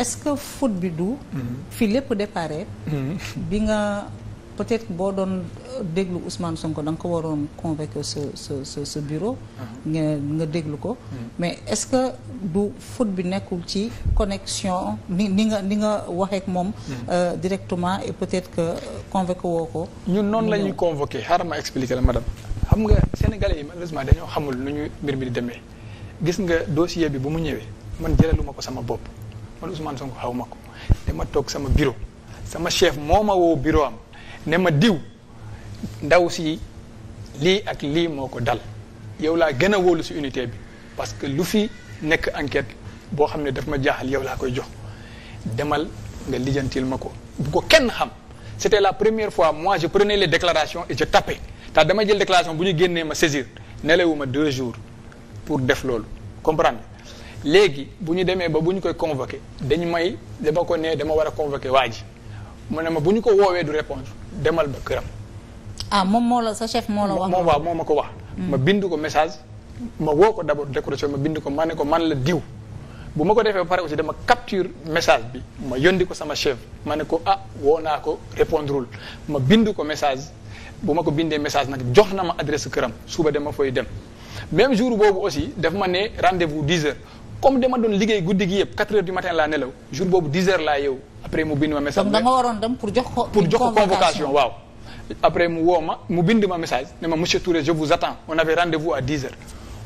est-ce que foot bi du. Mhm. fii lépp déparé. Mhm. bi nga peut-être boo doon euh, déglu Ousmane Sonko da nga ko waroon convoquer sa sa sa bureau. Mhm. nga déglu ko. mais est-ce que du foot bi nekkul ci connection ni ni nga ni nga waxee ak moom. Euh, directement et peut-être que euh, convoquer woo ko. ñun noonu la ñuy convoquer xaaral ma la ma madame. xam nga sénégalais yi malheureusement dañoo xamul nu ñu mbir mi di demee gis nga dossier bi bu mu ñëwee man jëlaluma ko sama bopp. man Ousmane Sonko xaw ma ko dama toog sama bureau sama chef moo ma woo bureau am ne ma diw ndaw si lii ak lii moo ko dal yow laa gën a wóolu si unité bi parce que lu fi nekk enquête boo xam ne daf ma jaaxal yow laa koy jox demal nga lijjantil ma ko bu ko kenn xam c'était la première fois mois je prenais les déclarations et je tapais tax damay jël déclaration bu ñu génnee ma saisir nelawuma deux jours pour def loolu comprendre léegi bu ñu demee ba bu ñu koy convoqué dañu may dama ko ne dama war a convoqué waa ji mu ne ma bu ñu ko woowee du répondre demal ba këram. ah moom moo la sa chef moo la wax. moom moo ma ko wax. Hmm. ma bind ko message ma woo ko d'abord ma bind ko ma ne ko man la diw. bu ma ko defee pare aussi dama capture message bi ma yóndi ko sama chef ma ne ko ah woo naa ko répondrewul ma bind ko message bu ma ko bindee message nag jox na ma adresse këram suba dama fay dem même jour boobu aussi daf ma ne rendez-vous 10 comme dama doon liggéey guddi gi yëpp 4 heures du matin laa nelaw jour boobu 10 heures laa yeewu après mu bind ma message. da nga waroon dem pour jox ko. pour jox ko convocation mu woo ma message ne ma monsieur Touré je vous attends on avait rendez-vous à 10 heures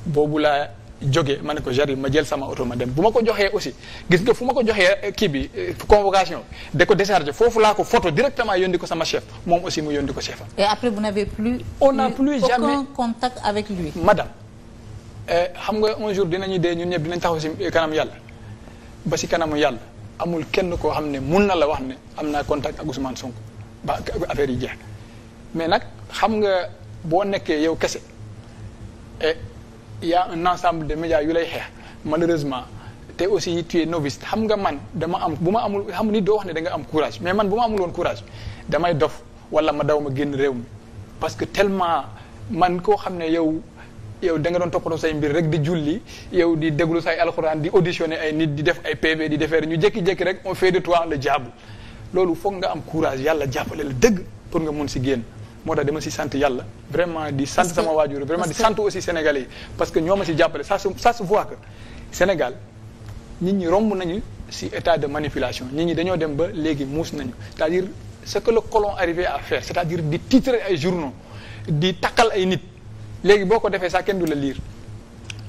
boobu laa jógee ma ne ko j'arrive ma jël sama oto ma dem bu ma ko joxee aussi gis nga fu ma ko joxe eh, kii bi eh, convocation da ko décharger foofu laa ko photo directement yondi ko sama chef moom aussi mu yónni ko chef am. et après vous n'avez plus. on n'a plus jamais aucun contact avec lui. Eh, xam nga un dina ñu dee ñun ñëpp dinañ taxaw si kanam yàlla ba si kanamu yàlla amul kenn koo xam ne mun na la wax ne am naa contact ak Ousmane Sonko ba affaire yi jeex mais nag xam nga boo nekkee yow kese et eh, y a un de médias yu lay xeex malheureusement te aussi tu es novice xam nga man dama am bu ma amul xam ni doo wax ne da nga am courage mais man bu ma amul woon courage damay dof wala ma daw ma génn réew mi parce que tellement man koo xam ne yow. yow da nga doon toppatoo say mbir rek di julli yow di déglu say alxuraan di auditionner ay nit di def ay PV di defee rek ñu jékki-jékki rek on fait de toi le diable loolu foog nga am courage yàlla jàppale la dëgg pour nga mun si génn moo tax dama si sant yàlla vraiment di sant sama waajur vraiment di sant aussi sénégalais yi parce que si jàppale ça se ça Sénégal nit ñi romb nañu si état de manipulation nit ñi dañoo dem ba léegi muus nañu c'est-à-dire ce que le colon arrivé à faire c'est-à-dire di titrer ay journaux di takkal ay nit léegi boo ko defee sax kenn du la liir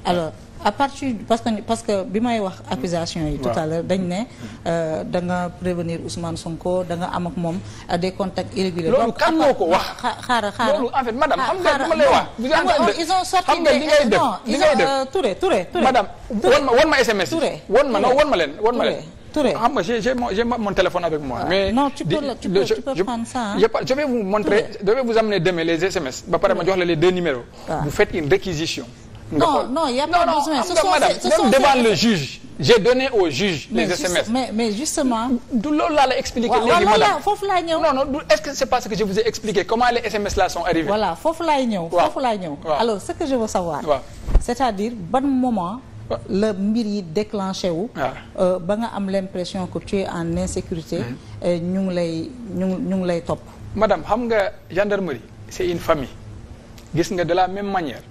alors à parti parce que parce que bi may wax accusation yi tout à l'heure dañ ne euh, da nga prévenir Ousmane Sonko da nga am ak moom des contacts irréguliers loolu kan moo ko wax xaaral xaaral loolu en fait madame xam nga dama lay wax ah, ils ont sorti xam nga li ngay def li ngay def euh, Touré Touré won ma won ma SMS Touré won ma leen won ma leen Touré xam ah, nga j'ai j'ai mon téléphone avec moi. Ah. mais non tu peux tu peux tu peux prendre je vous montrer je vous amener demain les SMS ba pare ma jox la deux numéros. Ah. vous faites une réquisition. non non y a pas besoin ce sont ces ce sont devant le juge. j'ai donné au juge les SMS mais justement. du la expliqué. léegi madame foofu comment les SMS là alors ce que je veux savoir. cest ban moment. la mbir yi déclenché wu. Ah. Euh, ba nga am l'impression que tu es en insécurité. Mm-hmm. Euh, ñu ngi lay ñu ñu ngi lay topp. madame xam nga gendarmerie c'est une famille gis nga de la même manière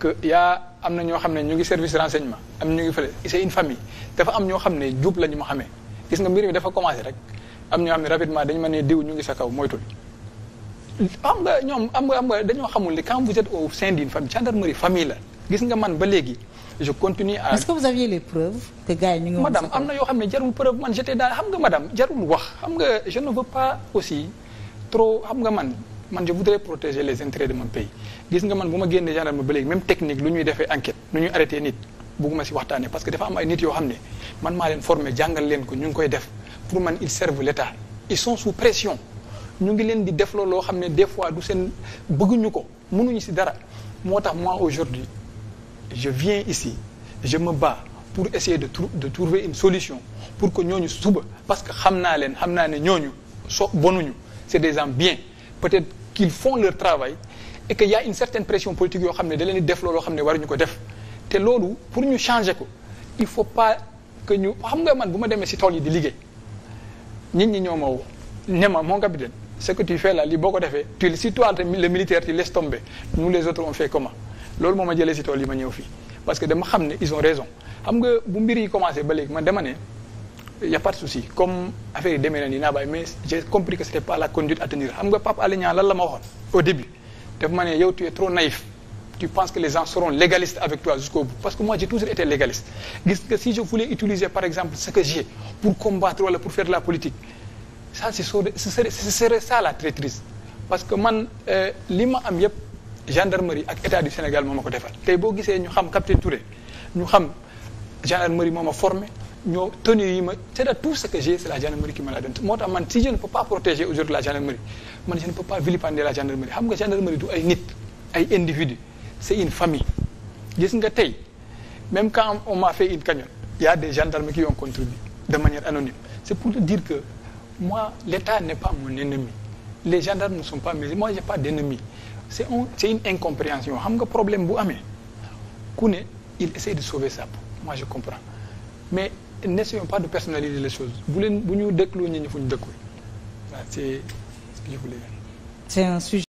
que yaa am na ñoo xam ne ñu ngi service renseignement am ñu ngi fële c'est une famille dafa am ñoo xam ne juub la ñu ma xamee gis nga mbir mi dafa commencé rek am ñoo xam ne rapidement dañu ma ne diw ñu ngi sa kaw moytul. am nga ñoom am nga am dañoo xamul li quand vous êtes au sein d'une famille famille la gis nga man ba léegi. je continue à. est-ce que vous aviez ñu ngi madame am na yoo xam ne jarul preuve man j'étais daal xam nga madame jarul wax xam nga je ne veux pas aussi trop xam nga man man je voudrais protéger les intérêts de mon pays gis nga man bu ma génnee gendarme ba léegi même technique lu ñuy defee enquête lu ñuy arrêté nit bugguma si waxtaanee parce que dafa am ay nit yoo xam ne man maa leen formé jàngal leen ko ñu ngi koy def pour man ils servent l'État ils sont sous pression ñu ngi leen di def looloo xam ne des fois du seen bëgguñu ko mënuñu si dara moo tax moi aujourd'hui je viens ici je me pour essayer de trou de trouver une solution pour que ñooñu suba parce que xam naa leen xam naa ne ñooñu so bonuñu c'est des gens bien peut-être qu'ils font leur travail et que y a une certaine pression politique yoo xam ne da leen di def looloo xam ne waruñu ko def te loolu pour ñu changer ko il faut pas que ñu xam nga man bu ma demee si tool yi di liggéey nit ñi ñoo ma woo ne ma mon capitaine ce que tu fais là li boo ko defee tu si toi le militaire tu laisses les autres loolu moo a jëlee si tool yi ma ñëw fii parce que dama xam ne ils ont raison xam nga bu mbir yi commencé man dama ne y' a pas de souci comme affaire yi demee na nii naa bàyyi mais j'ai compris que c' était pas la conduite à xam nga Pape Alé Niang lan la ma waxoon au début daf ma tu es trop naïf tu penses que les gens seront légalistes avec toi jusqu'au bout parce que moi j'ai toujours été légaliste gis par exemple ce que j'ai pour combattre wala pour faire de la politique ça ce serait ce serait ça la traîtrise parce que man euh, li ma am yëpp gendarmerie ak état du Sénégal moo ma ko defal tey boo gisee ñu xam capitaine Touré ñu xam gendarmerie moo a formé ñoo tenue yi ma c'est-à-dire tout ce que j'ai c'est la gendarmerie qui me l'a donné moo tax man si je ne peux pas protéger aujourd'hui la gendarmerie man je ne peux pas vilipender la gendarmerie xam nga gendarmerie du ay nit ay individu c'est une famille gis nga tey même quand on m'a fait une cagnotte il y a des gendarmes qui ont contribué de manière anonyme c'est pour te dire que moi l'État n'est pas mon ennemi les gendarmes ne sont pas c'est un c'est une incompréhension xam nga problème bu amee ku ne il essaie de sauver sa peau moi je comprends mais n'essayons pas de personnaliser les choses bu leen bu ñu dëkkloo ñi ñu fu ñu dëkkul waaw c'est ce que je C'est un sujet.